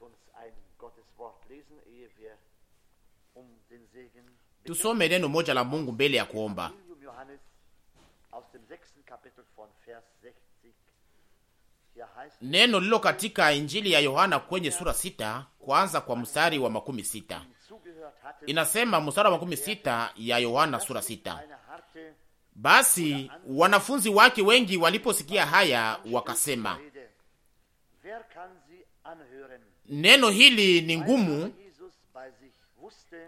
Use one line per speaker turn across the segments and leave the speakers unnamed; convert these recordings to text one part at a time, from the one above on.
Um
Tusome neno moja la Mungu mbele ya kuomba. Neno lilo katika Injili ya Yohana kwenye sura sita kwanza kwa mstari wa makumi sita inasema, mstari wa makumi sita ya Yohana sura sita basi wanafunzi wake wengi waliposikia haya wakasema, neno hili ni ngumu,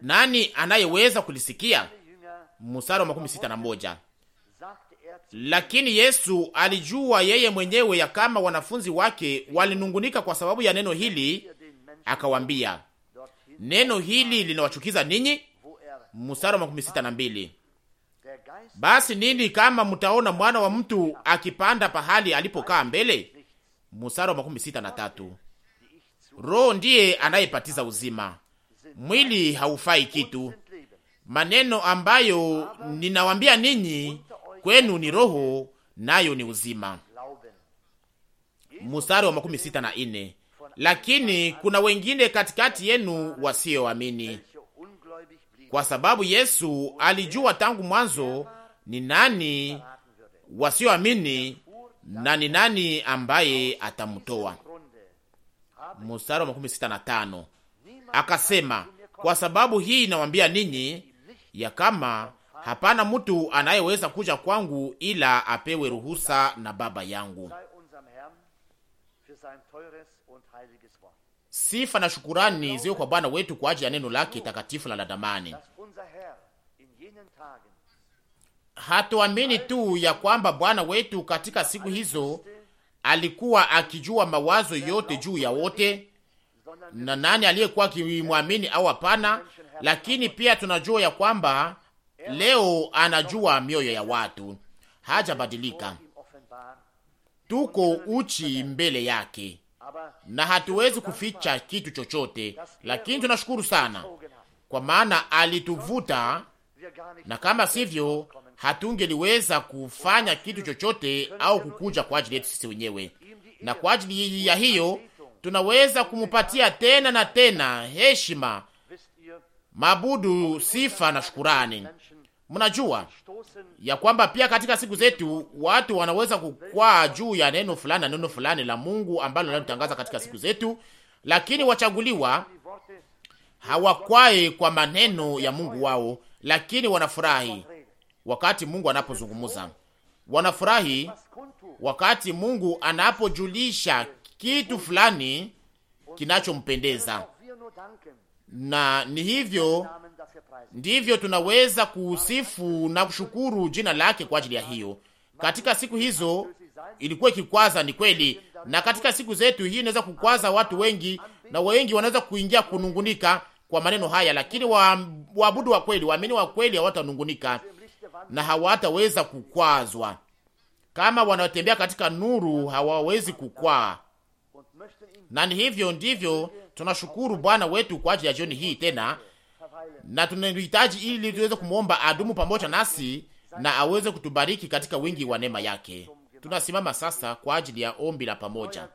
nani anayeweza kulisikia? Musaro makumi sita na moja. Er Lakini Yesu alijua yeye mwenyewe ya kama wanafunzi wake walinungunika kwa sababu ya neno hili, akawambia, neno hili linawachukiza ninyi? Er Musaro makumi sita na mbili. Basi nini kama mtaona mwana wa mtu akipanda pahali alipokaa mbele? Musaro makumi sita na tatu. Roho ndiye anayepatiza uzima, mwili haufai kitu. Maneno ambayo ninawambia ninyi kwenu ni roho, nayo ni uzima. Mstari wa makumi sita na ine. Lakini kuna wengine katikati yenu wasioamini, kwa sababu Yesu alijua tangu mwanzo ni nani wasioamini na ni nani ambaye atamtoa mstari wa makumi sita na tano akasema, kwa sababu hii nawambia ninyi ya kama hapana mtu anayeweza kuja kwangu ila apewe ruhusa na Baba yangu. Sifa na shukurani ziwe kwa Bwana wetu kwa ajili ya neno lake takatifu na la damani. Hatuamini tu ya kwamba Bwana wetu katika siku hizo alikuwa akijua mawazo yote juu ya wote na nani aliyekuwa akimwamini au hapana, lakini pia tunajua ya kwamba leo anajua mioyo ya watu, hajabadilika. Tuko uchi mbele yake na hatuwezi kuficha kitu chochote, lakini tunashukuru sana kwa maana alituvuta, na kama sivyo hatungeliweza kufanya kitu chochote au kukuja kwa ajili yetu sisi wenyewe, na kwa ajili ya hiyo tunaweza kumupatia tena na tena heshima, mabudu, sifa na shukurani. Mnajua ya kwamba pia katika siku zetu watu wanaweza kukwaa juu ya neno fulani na neno fulani la Mungu ambalo linatangaza katika siku zetu, lakini wachaguliwa hawakwae kwa maneno ya Mungu wao, lakini wanafurahi wakati Mungu anapozungumza, wanafurahi wakati Mungu anapojulisha kitu fulani kinachompendeza, na ni hivyo ndivyo tunaweza kusifu na kushukuru jina lake kwa ajili ya hiyo. Katika siku hizo ilikuwa ikikwaza, ni kweli, na katika siku zetu hii inaweza kukwaza watu wengi, na wengi wanaweza kuingia kunungunika kwa maneno haya, lakini waabudu wa kweli, waamini wa kweli hawatanungunika wa na hawataweza kukwazwa. Kama wanaotembea katika nuru hawawezi kukwaa, na ni hivyo ndivyo tunashukuru Bwana wetu kwa ajili ya jioni hii tena, na tunahitaji ili tuweze kumwomba adumu pamoja nasi na aweze kutubariki katika wingi wa neema yake. Tunasimama sasa kwa ajili ya ombi la pamoja.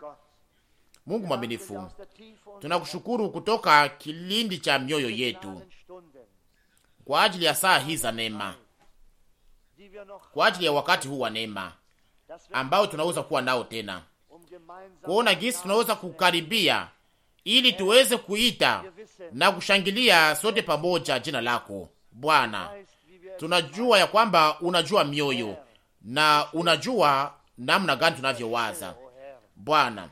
Mungu mwaminifu, tunakushukuru kutoka kilindi cha mioyo yetu kwa ajili ya saa hii za neema kwa ajili ya wakati huu wa neema ambao tunaweza kuwa nao tena, kuona jinsi tunaweza kukaribia ili tuweze kuita na kushangilia sote pamoja jina lako Bwana. Tunajua ya kwamba unajua mioyo na unajua namna gani tunavyowaza
Bwana.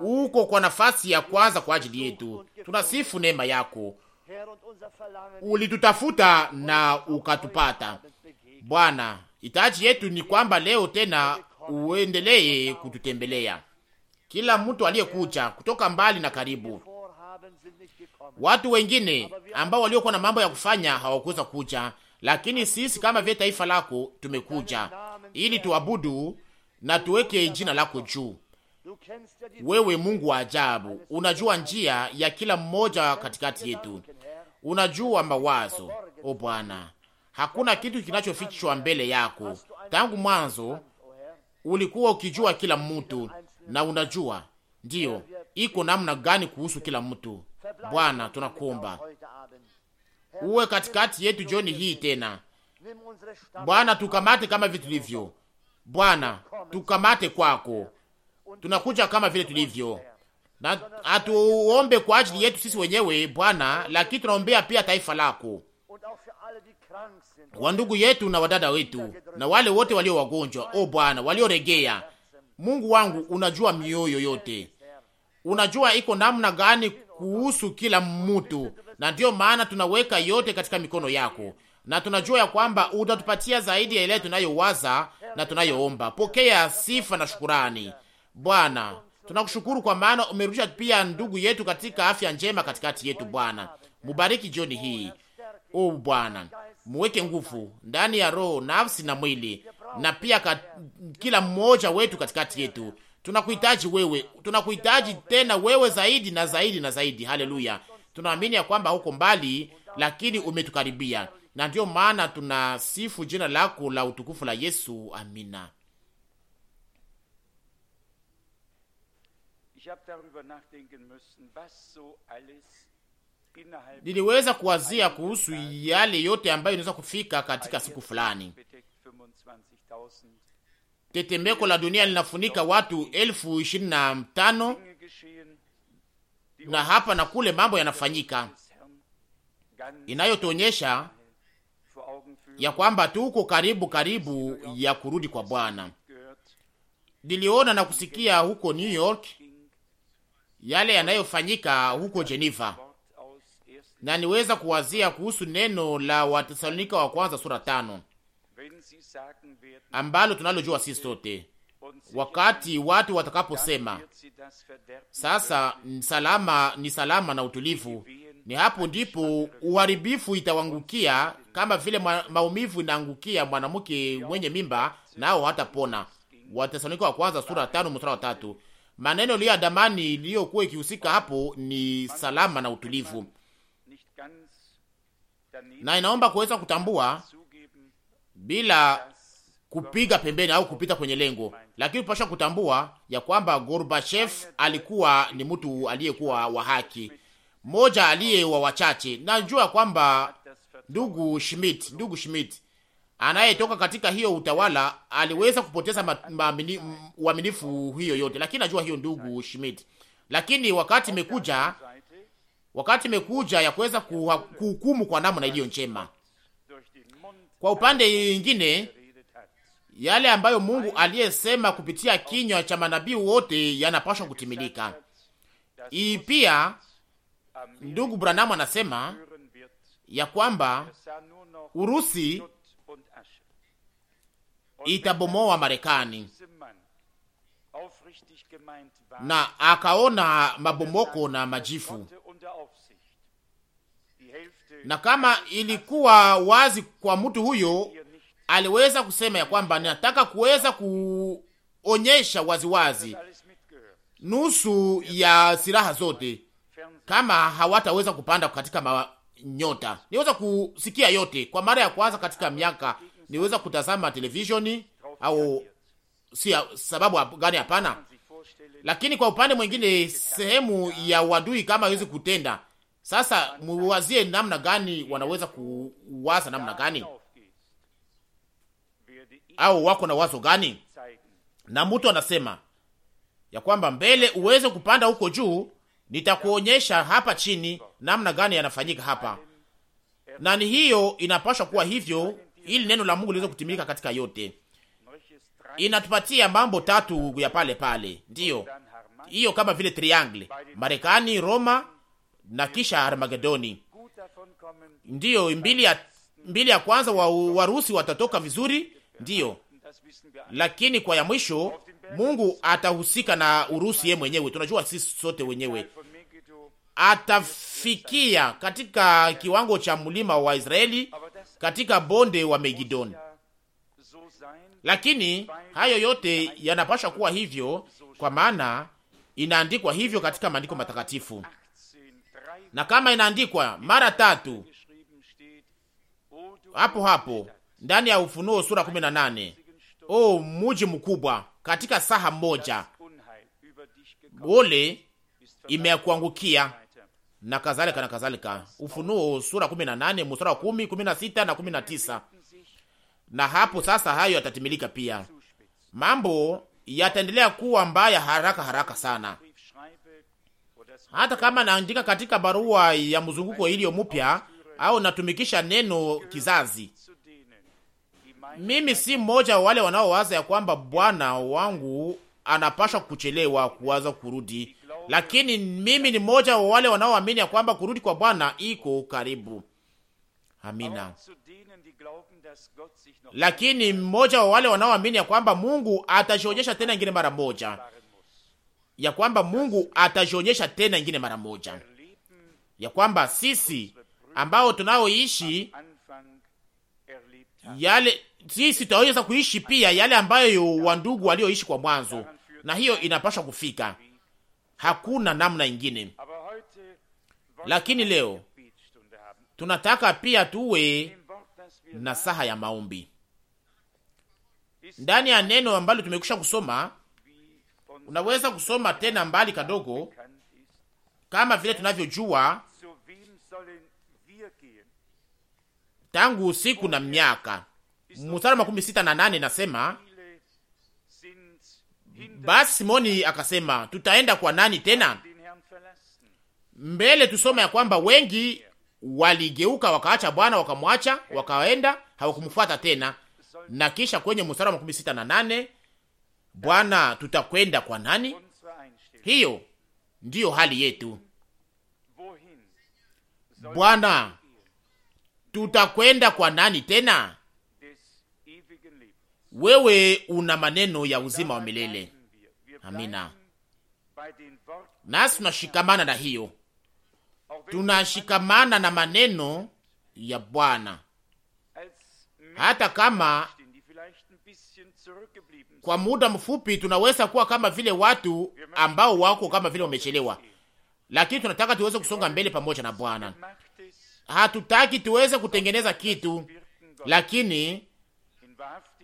Uko
kwa nafasi ya kwanza kwa ajili yetu, tunasifu neema yako, ulitutafuta na ukatupata. Bwana, itaji yetu ni kwamba leo tena uendelee kututembelea kila mtu aliyekuja kutoka mbali na karibu. Watu wengine ambao waliokuwa na mambo ya kufanya hawakuweza kuja, lakini sisi kama vile taifa lako tumekuja ili tuabudu na tuweke jina lako juu. Wewe Mungu wa ajabu, unajua njia ya kila mmoja katikati yetu, unajua mawazo. O Bwana, hakuna kitu kinachofichwa mbele yako. Tangu mwanzo ulikuwa ukijua kila mtu, na unajua ndiyo iko namna gani kuhusu kila mtu. Bwana, tunakuomba uwe katikati yetu jioni hii tena. Bwana, tukamate kama vitu livyo. Bwana, tukamate kwako tunakuja kama vile tulivyo, na hatuombe kwa ajili yetu sisi wenyewe Bwana, lakini tunaombea pia taifa lako, wandugu yetu na wadada wetu na wale wote walio wagonjwa, o Bwana, walioregea. Mungu wangu, unajua mioyo yote, unajua iko namna gani kuhusu kila mtu, na ndiyo maana tunaweka yote katika mikono yako, na tunajua ya kwamba utatupatia zaidi ya ile tunayowaza na tunayoomba. Pokea sifa na shukurani Bwana, tunakushukuru kwa maana umerudisha pia ndugu yetu katika afya njema katikati yetu. Bwana, mubariki jioni hii. O Bwana, muweke nguvu ndani ya roho, nafsi na mwili, na pia kat... kila mmoja wetu katikati yetu. Tunakuhitaji wewe, tunakuhitaji tena wewe zaidi na zaidi na zaidi. Haleluya! Tunaamini ya kwamba huko mbali, lakini umetukaribia, na ndiyo maana tunasifu jina lako la utukufu la Yesu. Amina. niliweza kuwazia kuhusu yale yote ambayo inaweza kufika katika siku fulani. Tetemeko la dunia linafunika watu elfu ishirini na tano na hapa na kule mambo yanafanyika inayotuonyesha ya kwamba tuko karibu karibu ya kurudi kwa Bwana. Niliona na kusikia huko New York yale yanayofanyika huko Geneva, na niweza kuwazia kuhusu neno la Watesalonika wa kwanza sura tano ambalo tunalojua sisi sote wakati watu watakaposema sasa salama ni salama na utulivu, ni hapo ndipo uharibifu itawangukia kama vile maumivu inaangukia mwanamke mwenye mimba, nao hatapona. Watesalonika wa kwanza sura tano mstari wa tatu. Maneno liya ya damani iliyokuwa ikihusika hapo ni salama na utulivu, na inaomba kuweza kutambua bila kupiga pembeni au kupita kwenye lengo, lakini pasha kutambua ya kwamba Gorbachev alikuwa ni mtu aliyekuwa wa haki, mmoja aliye wa wachache. Najua kwamba ndugu Schmidt, ndugu Schmidt anayetoka katika hiyo utawala aliweza kupoteza uaminifu hiyo yote, lakini najua hiyo, ndugu Schmidt. Lakini wakati imekuja, wakati imekuja ya kuweza kuhukumu kwa namna iliyo njema. Kwa upande mwingine, yale ambayo Mungu aliyesema kupitia kinywa cha manabii wote yanapaswa kutimilika. Hii pia ndugu Branham anasema ya kwamba
Urusi
itabomoa Marekani na akaona mabomoko na majifu, na kama ilikuwa wazi kwa mtu huyo, aliweza kusema ya kwamba ninataka kuweza kuonyesha waziwazi nusu ya silaha zote, kama hawataweza kupanda katika manyota. Niweza kusikia yote kwa mara ya kwanza katika miaka niweza kutazama televisioni au si sababu gani? Hapana. Lakini kwa upande mwingine, sehemu ya uadui kama hawezi kutenda sasa, muwazie namna gani wanaweza kuwaza namna gani, au wako na wazo gani? Na mtu anasema ya kwamba mbele uweze kupanda huko juu, nitakuonyesha hapa chini namna gani yanafanyika hapa. Na ni hiyo inapaswa kuwa hivyo ili neno la Mungu liweze kutimilika katika yote. Inatupatia mambo tatu ya pale pale, ndiyo hiyo, kama vile triangle: Marekani, Roma na kisha Armagedoni. Ndiyo mbili ya, mbili ya kwanza wa Warusi watatoka vizuri, ndiyo, lakini kwa ya mwisho Mungu atahusika na Urusi ye mwenyewe, tunajua sisi sote wenyewe. Atafikia katika kiwango cha mlima wa Israeli, katika bonde wa Megidon. Lakini hayo yote yanapaswa kuwa hivyo, kwa maana inaandikwa hivyo katika maandiko matakatifu, na kama inaandikwa mara tatu hapo hapo ndani ya Ufunuo sura 18, oh muji mkubwa, katika saha moja, bole imeakuangukia na kadhalika na kadhalika. Ufunuo sura 18 mstari wa 10, 16 na 19. Na hapo sasa hayo yatatimilika pia. Mambo yataendelea kuwa mbaya haraka haraka sana. Hata kama naandika katika barua ya mzunguko iliyo mpya au natumikisha neno kizazi, mimi si mmoja wa wale wanaowaza ya kwamba Bwana wangu anapashwa kuchelewa kuwaza kurudi lakini mimi ni mmoja wa wale wanaoamini ya kwamba kurudi kwa Bwana iko karibu. Amina. Lakini mmoja wa wale wanaoamini ya kwamba Mungu atajionyesha tena ingine mara moja, ya kwamba Mungu atajionyesha tena ingine mara moja, ya kwamba sisi ambao tunaoishi yale sisi tunaweza kuishi pia yale ambayo wandugu walioishi kwa mwanzo, na hiyo inapaswa kufika hakuna namna ingine. Lakini leo tunataka pia tuwe na saha ya maombi ndani ya neno ambalo tumekwisha kusoma. Unaweza kusoma tena mbali kadogo, kama vile tunavyojua tangu usiku na miaka, mstari makumi sita na nane nasema basi Simoni akasema, tutaenda kwa nani tena? Mbele tusoma ya kwamba wengi waligeuka wakaacha Bwana, wakamwacha, wakaenda, hawakumfuata tena. Na kisha kwenye mstari wa makumi sita na nane Bwana, tutakwenda kwa nani? Hiyo ndiyo hali yetu. Bwana, tutakwenda kwa nani tena? wewe una maneno ya uzima wa milele. Amina. Nasi tunashikamana na hiyo, tunashikamana na maneno ya Bwana hata kama kwa muda mfupi tunaweza kuwa kama vile watu ambao wako kama vile wamechelewa, lakini tunataka tuweze kusonga mbele pamoja na Bwana. Hatutaki tuweze kutengeneza kitu, lakini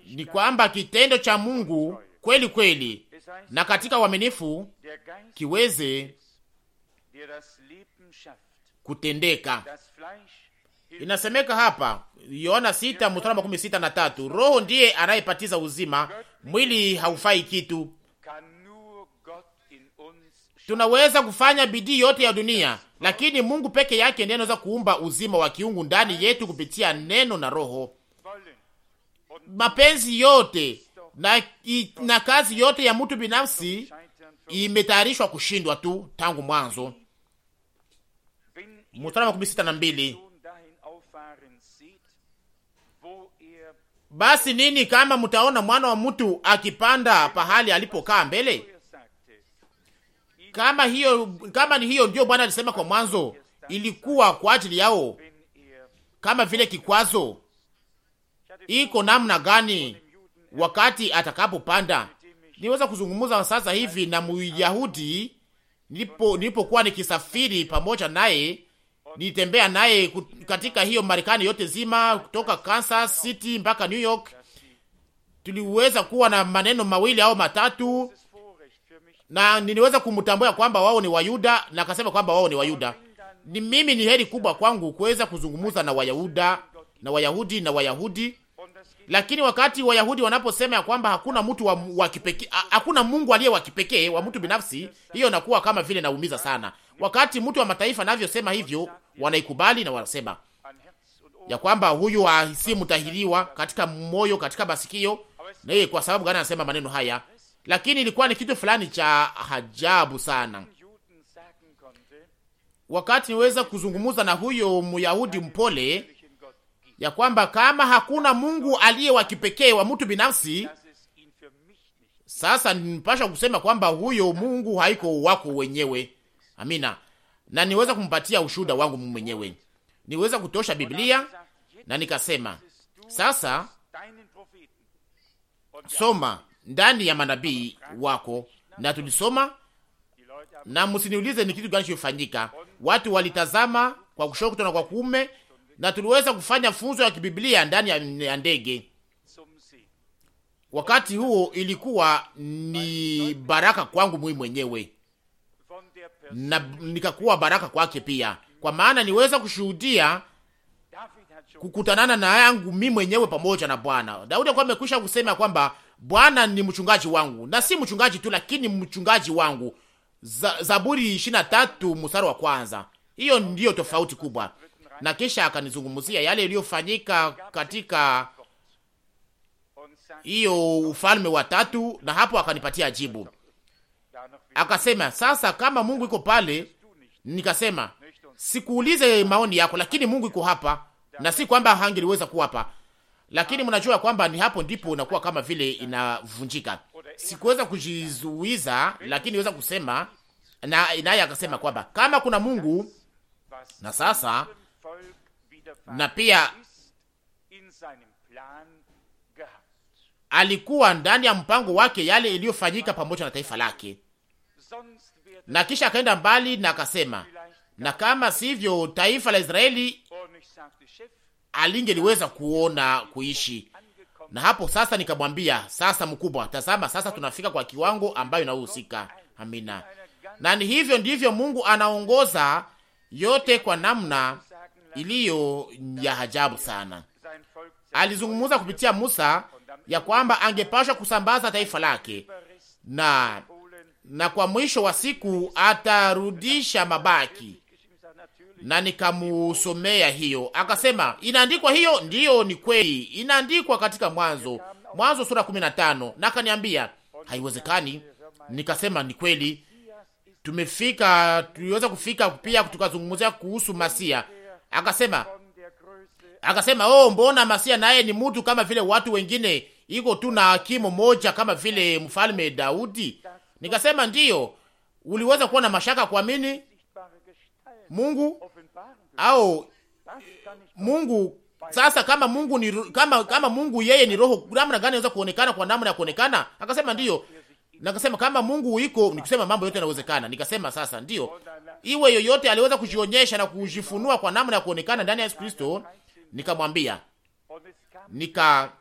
ni kwamba kitendo cha Mungu kweli kweli na katika uaminifu kiweze kutendeka. Inasemeka hapa Yohana sita mstari makumi sita na tatu Roho ndiye anayepatiza uzima, mwili haufai kitu. Tunaweza kufanya bidii yote ya dunia, lakini Mungu peke yake ndiye anaweza kuumba uzima wa kiungu ndani yetu kupitia neno na Roho mapenzi yote na, i, na kazi yote ya mtu binafsi imetayarishwa kushindwa tu tangu mwanzo. Mstari makumi sita na mbili. Basi nini kama mtaona mwana wa mtu akipanda pahali alipokaa mbele? Kama hiyo kama ni hiyo ndiyo Bwana alisema kwa mwanzo, ilikuwa kwa ajili yao kama vile kikwazo iko namna gani wakati atakapopanda. Niweza kuzungumza sasa hivi na Myahudi nipo nilipokuwa nikisafiri pamoja naye, nitembea naye katika hiyo Marekani yote zima, kutoka Kansas City mpaka New York. Tuliweza kuwa na maneno mawili au matatu, na niliweza kumtambua kwamba wao ni Wayuda na akasema kwamba wao ni Wayuda. Ni mimi ni heri kubwa kwangu kuweza kuzungumza na Wayahudi na Wayahudi na Wayahudi lakini wakati Wayahudi wanaposema ya kwamba hakuna mtu wa, wa kipekee, hakuna Mungu aliye wa kipekee wa mtu binafsi, hiyo inakuwa kama vile naumiza sana. Wakati mtu wa mataifa navyosema hivyo, wanaikubali na wanasema ya kwamba huyu si mtahiriwa katika moyo, katika masikio. Na yeye kwa sababu gani anasema maneno haya? Lakini ilikuwa ni kitu fulani cha ajabu sana. Wakati niweza kuzungumza na huyo Myahudi mpole ya kwamba kama hakuna Mungu aliye wa kipekee wa mtu binafsi, sasa nipasha kusema kwamba huyo Mungu haiko wako wenyewe. Amina, na niweza kumpatia ushuhuda wangu mwenyewe, niweza kutosha Biblia na nikasema sasa, soma ndani ya manabii wako, na tulisoma na msiniulize ni kitu gani kilichofanyika. Watu walitazama kwa kushoto na kwa kuume na tuliweza kufanya funzo ya kibiblia ndani ya ndege. Wakati huo ilikuwa ni baraka kwangu mimi mwenyewe na nikakuwa baraka kwake pia, kwa maana niweza kushuhudia kukutanana na yangu mi mwenyewe pamoja na Bwana. Daudi alikuwa amekwisha kusema kwamba Bwana ni mchungaji wangu, na si mchungaji tu, lakini mchungaji wangu. Zaburi 23 mstari wa kwanza. Hiyo ndiyo tofauti kubwa na kisha akanizungumzia yale yaliyofanyika katika hiyo ufalme wa tatu, na hapo akanipatia jibu. Akasema, sasa kama Mungu iko pale, nikasema sikuulize maoni yako, lakini Mungu iko hapa, na si kwamba hangeliweza kuwa hapa, lakini mnajua kwamba ni hapo ndipo unakuwa kama vile inavunjika. Sikuweza kujizuiza, lakini niweza kusema na naye akasema kwamba kama kuna Mungu na sasa na pia alikuwa ndani ya mpango wake yale iliyofanyika pamoja na taifa lake, na kisha akaenda mbali na akasema, na kama sivyo taifa la Israeli alingeliweza kuona kuishi. Na hapo sasa nikamwambia, sasa mkubwa, tazama sasa tunafika kwa kiwango ambayo inayohusika. Amina. Na ni hivyo ndivyo Mungu anaongoza yote kwa namna iliyo ya ajabu sana. Alizungumza kupitia Musa ya kwamba angepasha kusambaza taifa lake na na kwa mwisho wa siku atarudisha mabaki, na nikamusomea hiyo. Akasema inaandikwa hiyo, ndiyo ni kweli, inaandikwa katika Mwanzo, Mwanzo sura 15. Na akaniambia haiwezekani, nikasema ni kweli. Tumefika, tuliweza kufika pia tukazungumzia kuhusu Masia Akasema akasema, oh, mbona Masia naye ni mtu kama vile watu wengine, iko tu na hakimu moja kama vile mfalme Daudi. Nikasema ndiyo, uliweza kuwa na mashaka kuamini Mungu au Mungu sasa kama Mungu ni kama kama Mungu yeye ni roho, namna gani anaweza kuonekana kwa namna ya kuonekana? Akasema ndiyo. Nikasema kama Mungu yuko, nikusema mambo yote yanawezekana. Nikasema sasa ndio. Iwe yoyote aliweza kujionyesha na kujifunua kwa namna ya kuonekana ndani ya Yesu Kristo, nikamwambia. Nika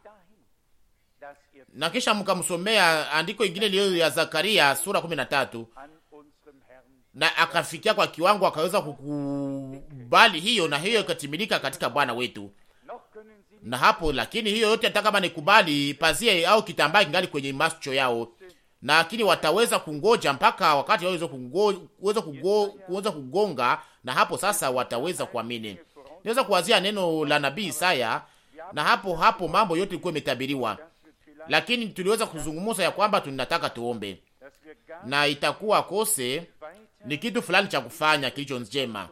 na kisha mkamsomea andiko ingine leo ya Zakaria sura 13 na akafikia kwa kiwango akaweza kukubali hiyo, na hiyo ikatimilika katika Bwana wetu. Na hapo lakini hiyo yote hata kama nikubali, pazia au kitambaa kingali kwenye macho yao, lakini wataweza kungoja mpaka wakati waweze kuweza kuweza kugonga, na hapo sasa wataweza kuamini. Niweza kuwazia neno la nabii Isaya, na hapo hapo mambo yote ilikuwa imetabiriwa, lakini tuliweza kuzungumza ya kwamba tunataka tuombe, na itakuwa kose ni kitu fulani cha kufanya kilicho njema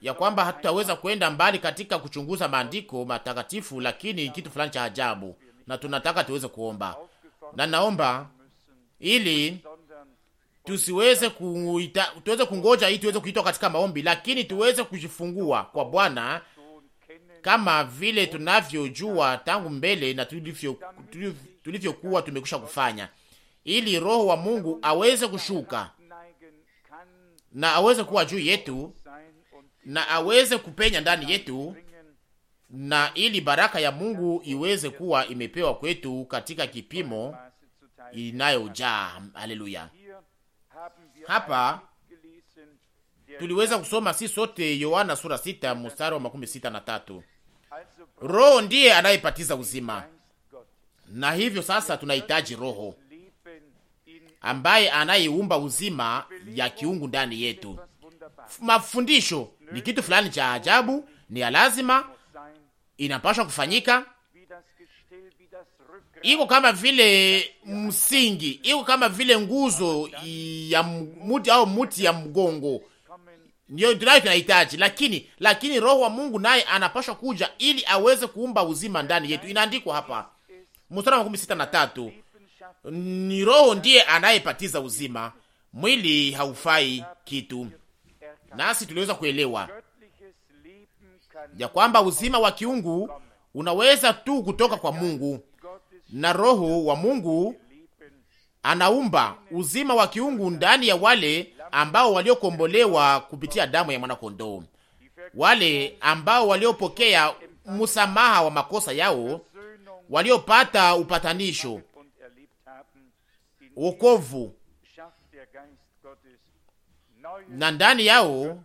ya kwamba hatutaweza kwenda mbali katika kuchunguza maandiko matakatifu, lakini kitu fulani cha ajabu, na tunataka tuweze kuomba na naomba ili tusiweze kuita, tuweze kungoja hii tuweze kuitwa katika maombi, lakini tuweze kujifungua kwa Bwana kama vile tunavyojua tangu mbele na tulivyokuwa tulivyo kufanya, ili Roho wa Mungu aweze kushuka na aweze kuwa juu yetu na aweze kupenya ndani yetu na ili baraka ya Mungu iweze kuwa imepewa kwetu katika kipimo inayojaa. Haleluya! Hapa tuliweza kusoma si sote Yohana sura sita mstari wa makumi sita na tatu Roho ndiye anayepatiza uzima, na hivyo sasa tunahitaji Roho ambaye anayeumba uzima ya kiungu ndani yetu. Mafundisho ni kitu fulani cha ajabu, ni ya lazima inapaswa kufanyika, iko kama vile msingi, iko kama vile nguzo ya muti au muti ya mgongo ndio tunayo tunahitaji, lakini lakini roho wa Mungu naye anapashwa kuja ili aweze kuumba uzima ndani yetu. Inaandikwa hapa mstari wa makumi sita na tatu ni roho ndiye anayepatiza uzima, mwili haufai kitu. Nasi tuliweza kuelewa ya kwamba uzima wa kiungu unaweza tu kutoka kwa Mungu, na Roho wa Mungu anaumba uzima wa kiungu ndani ya wale ambao waliokombolewa kupitia damu ya mwanakondoo, wale ambao waliopokea msamaha wa makosa yao, waliopata upatanisho, wokovu na ndani yao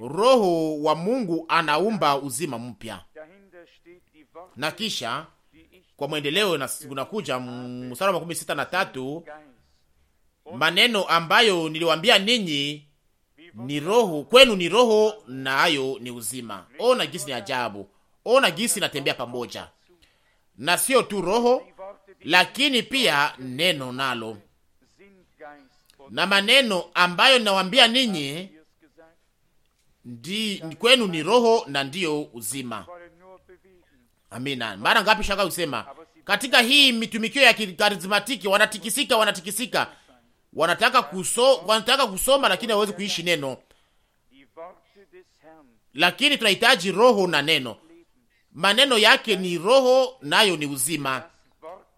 Roho wa Mungu anaumba uzima mpya, na kisha kwa mwendeleo unakuja mstari wa makumi sita na tatu maneno ambayo niliwaambia ninyi ni roho kwenu, ni roho nayo ni uzima. Ona gisi ni ajabu, ona gisi natembea pamoja na sio tu roho, lakini pia neno nalo na maneno ambayo ninawambia ninyi ndi kwenu ni roho na ndiyo uzima. Amina. Mara ngapi shaka usema katika hii mitumikio ya kikarizmatiki wanatikisika, wanatikisika, wanataka kuso, wanataka kusoma lakini hawezi kuishi neno, lakini tunahitaji roho na neno. Maneno yake ni roho, nayo ni uzima,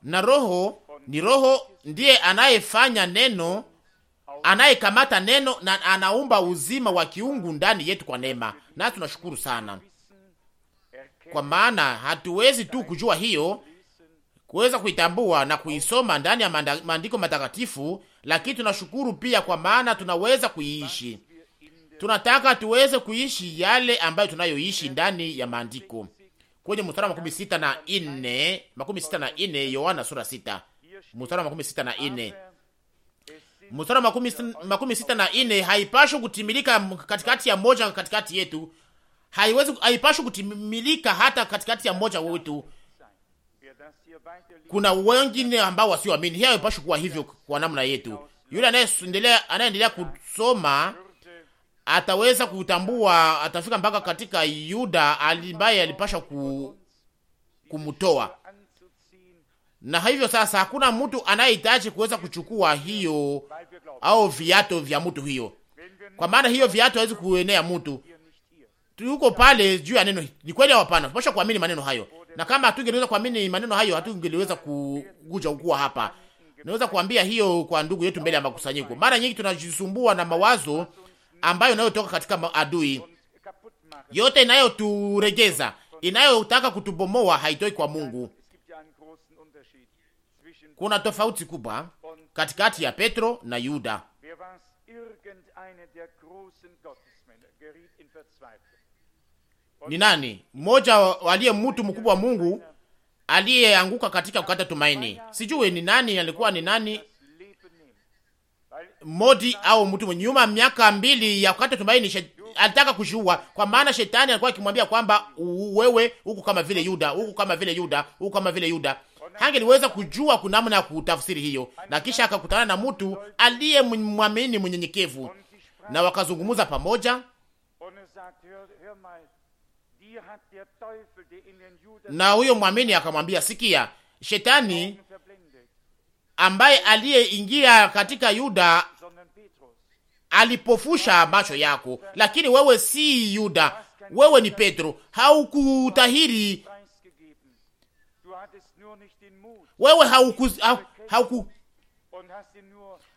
na roho ni roho ndiye anayefanya neno anayekamata neno na anaumba uzima wa kiungu ndani yetu kwa neema, na tunashukuru sana, kwa maana hatuwezi tu kujua hiyo, kuweza kuitambua na kuisoma ndani ya maandiko matakatifu, lakini tunashukuru pia, kwa maana tunaweza kuiishi. Tunataka tuweze kuishi yale ambayo tunayoishi ndani ya maandiko kwenye mstari makumi sita na makumi sita na Yohana sura sita mstari makumi sita na mstari makumi sita na ine haipashwi kutimilika katikati ya moja katikati yetu, haiwezi haipashwi kutimilika hata katikati ya moja wetu. Kuna wengine ambao wasioamini, hiyo haipashwi kuwa hivyo kwa namna yetu. Yule anayeendelea anayeendelea kusoma ataweza kutambua, atafika mpaka katika Yuda ambaye alipasha ku, kumtoa na hivyo sasa hakuna mtu anayehitaji kuweza kuchukua hiyo au viato vya mtu hiyo, kwa maana hiyo viato hawezi kuenea mtu. Tuko pale juu ya neno ni kweli au hapana? Tunapaswa kuamini maneno hayo, na kama hatungeweza kuamini maneno hayo, hatungeweza kukuja kuwa hapa. Naweza kuambia hiyo kwa ndugu yetu mbele ya makusanyiko. Mara nyingi tunajisumbua na mawazo ambayo inayotoka katika adui, yote inayoturegeza, inayotaka kutubomoa, haitoi kwa Mungu kuna tofauti kubwa katikati ya Petro na Yuda. Ni nani mmoja aliye mtu mkubwa wa Mungu aliyeanguka katika kukata tumaini? Sijui ni nani alikuwa ni nani modi au mtu mwenye nyuma miaka mbili ya kukata tumaini shet... alitaka kujiua, kwa maana shetani alikuwa akimwambia kwamba wewe huku kama vile Yuda, huku kama vile Yuda, huku kama vile Yuda hangeliweza kujua kuna namna ya kutafsiri hiyo, na kisha akakutana na mtu aliye mwamini mnyenyekevu, na wakazungumza pamoja na huyo mwamini akamwambia, sikia, shetani ambaye aliyeingia katika Yuda alipofusha macho yako, lakini wewe si Yuda, wewe ni Petro. Haukutahiri wewe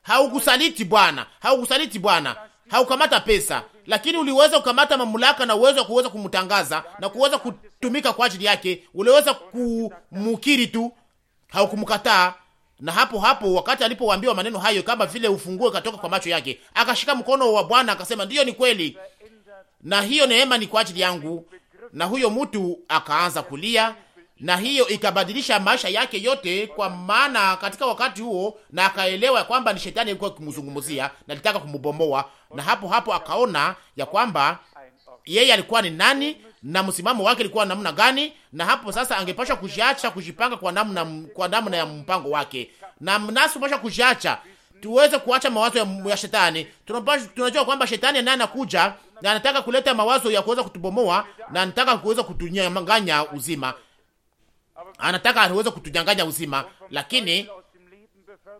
haukusaliti Bwana, haukusaliti Bwana, haukamata pesa, lakini uliweza kukamata mamlaka na uwezo wa kuweza kumtangaza na kuweza kutumika kwa ajili yake. Uliweza kumukiri tu, haukumkataa na hapo hapo wakati alipoambiwa maneno hayo, kama vile ufungue katoka kwa macho yake, akashika mkono wa Bwana akasema, ndiyo, ni kweli, na hiyo neema ni kwa ajili yangu. Na huyo mtu akaanza kulia na hiyo ikabadilisha maisha yake yote, kwa maana katika wakati huo na akaelewa kwamba ni shetani alikuwa akimzungumzia na alitaka kumbomoa, na hapo hapo akaona ya kwamba yeye alikuwa ni nani na msimamo wake alikuwa namna gani, na hapo sasa angepasha kujiacha kujipanga kwa namna kwa namna ya mpango wake, na mnasi pasha kujiacha tuweze kuacha mawazo ya, ya shetani. Tunapaswa tunajua kwamba shetani naye anakuja na anataka kuleta mawazo ya kuweza kutubomoa na anataka kuweza kutunyang'anya uzima anataka aliweza kutudanganya uzima, lakini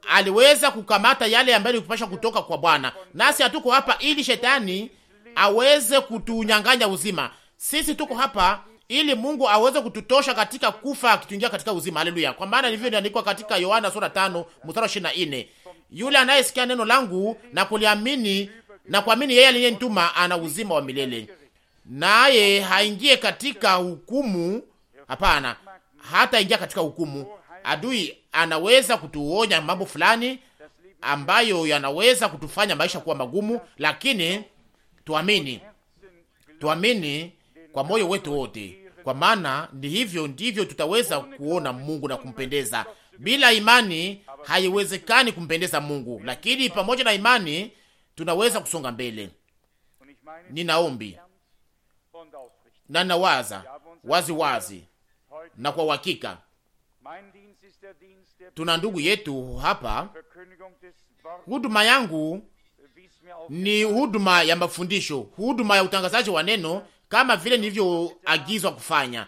aliweza kukamata yale ambayo ilipasha kutoka kwa Bwana. Nasi hatuko hapa ili shetani aweze kutunyang'anya uzima. Sisi tuko hapa ili Mungu aweze kututosha katika kufa akituingia katika uzima. Haleluya! Kwa maana ilivyo ndikwa katika Yohana sura 5 mstari wa 24, yule anayesikia neno langu na kuliamini na kuamini yeye aliyenituma ana uzima wa milele, naye haingie katika hukumu, hapana hata ingia katika hukumu. Adui anaweza kutuonya mambo fulani ambayo yanaweza kutufanya maisha kuwa magumu, lakini tuamini, tuamini kwa moyo wetu wote, kwa maana ni hivyo ndivyo tutaweza kuona Mungu na kumpendeza. Bila imani haiwezekani kumpendeza Mungu, lakini pamoja na imani tunaweza kusonga mbele. Ninaombi
na nawaza waziwazi
wazi na kwa uhakika. Tuna ndugu yetu hapa.
Huduma yangu
ni huduma ya mafundisho, huduma ya utangazaji wa neno kama vile nilivyoagizwa kufanya.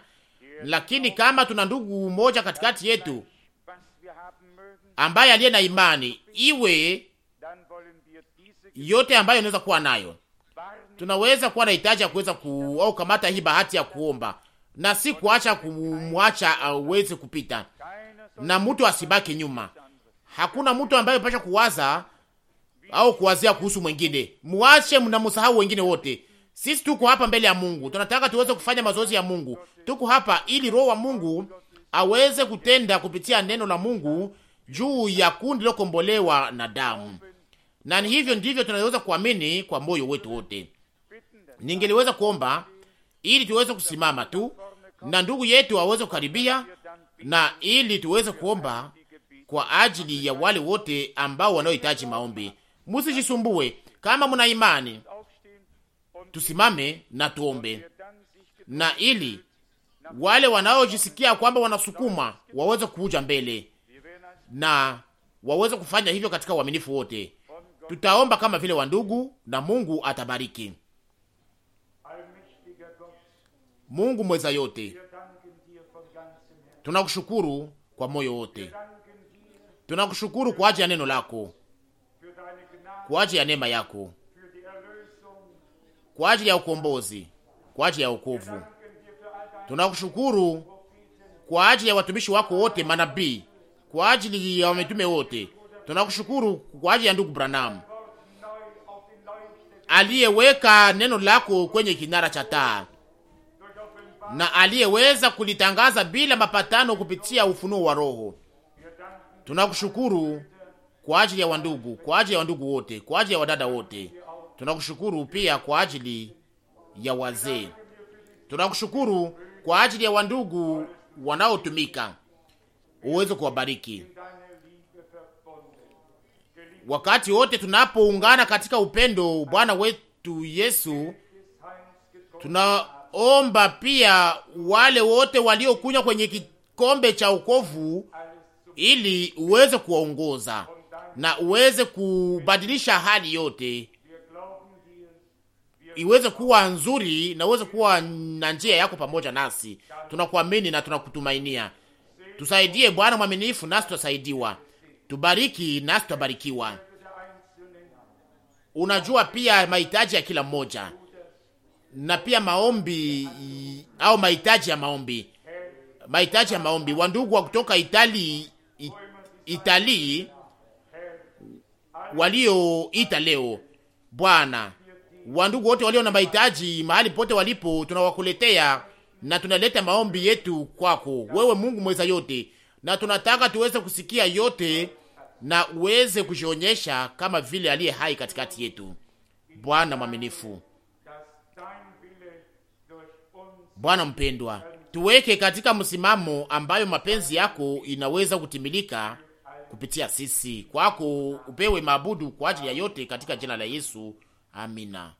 Lakini kama tuna ndugu mmoja katikati yetu ambaye aliye na imani iwe yote ambayo inaweza kuwa nayo, tunaweza kuwa na hitaji ya kuweza ku au kamata hii bahati ya kuomba na si kuacha kumwacha aweze uh, kupita na mtu asibaki nyuma. Hakuna mtu ambaye pasha kuwaza au kuwazia kuhusu mwingine, muache, mnamsahau wengine wote. Sisi tuko hapa mbele ya Mungu, tunataka tuweze kufanya mazoezi ya Mungu. Tuko hapa ili Roho wa Mungu aweze kutenda kupitia neno la Mungu juu ya kundi lokombolewa na damu, na ni hivyo ndivyo tunaweza kuamini kwa moyo wetu wote. Ningeliweza kuomba ili tuweze kusimama tu na ndugu yetu aweze kukaribia, na ili tuweze kuomba kwa ajili ya wale wote ambao wanaohitaji maombi. Musijisumbue, kama mna imani tusimame na tuombe, na ili wale wanaojisikia kwamba wanasukuma waweze kuja mbele na waweze kufanya hivyo katika uaminifu wote. Tutaomba kama vile wandugu, na Mungu atabariki. Mungu mweza yote, tunakushukuru kwa moyo wote, tunakushukuru kwa ajili ya neno lako, kwa ajili ya neema yako, kwa ajili ya ukombozi, kwa ajili ya wokovu. Tunakushukuru kwa ajili ya watumishi wako wote, manabii, kwa ajili ya wametume wote. Tunakushukuru kwa ajili ya ndugu Branham aliyeweka neno lako kwenye kinara cha taa na aliyeweza kulitangaza bila mapatano kupitia ufunuo wa Roho. Tunakushukuru kwa ajili ya wandugu, kwa ajili ya wandugu wote, kwa ajili ya wadada wote. Tunakushukuru pia kwa ajili ya wazee. Tunakushukuru kwa ajili ya wandugu wanaotumika, uweze kuwabariki wakati wote tunapoungana katika upendo. Bwana wetu Yesu, tuna omba pia wale wote waliokunywa kwenye kikombe cha ukovu, ili uweze kuwaongoza na uweze kubadilisha hali yote iweze kuwa nzuri na uweze kuwa na njia yako pamoja nasi. Tunakuamini na tunakutumainia. Tusaidie Bwana mwaminifu, nasi tutasaidiwa. Tubariki nasi tutabarikiwa. Unajua pia mahitaji ya kila mmoja na pia maombi au mahitaji ya maombi, mahitaji ya maombi. Wandugu wa kutoka Itali, Itali walioita leo, Bwana, wandugu wote walio na mahitaji mahali pote walipo, tunawakuletea na tunaleta maombi yetu kwako wewe, Mungu mweza yote, na tunataka tuweze kusikia yote na uweze kujionyesha kama vile aliye hai katikati yetu, Bwana mwaminifu. Bwana mpendwa, tuweke katika msimamo ambayo mapenzi yako inaweza kutimilika kupitia sisi. Kwako upewe maabudu kwa ajili ya yote katika jina la Yesu, amina.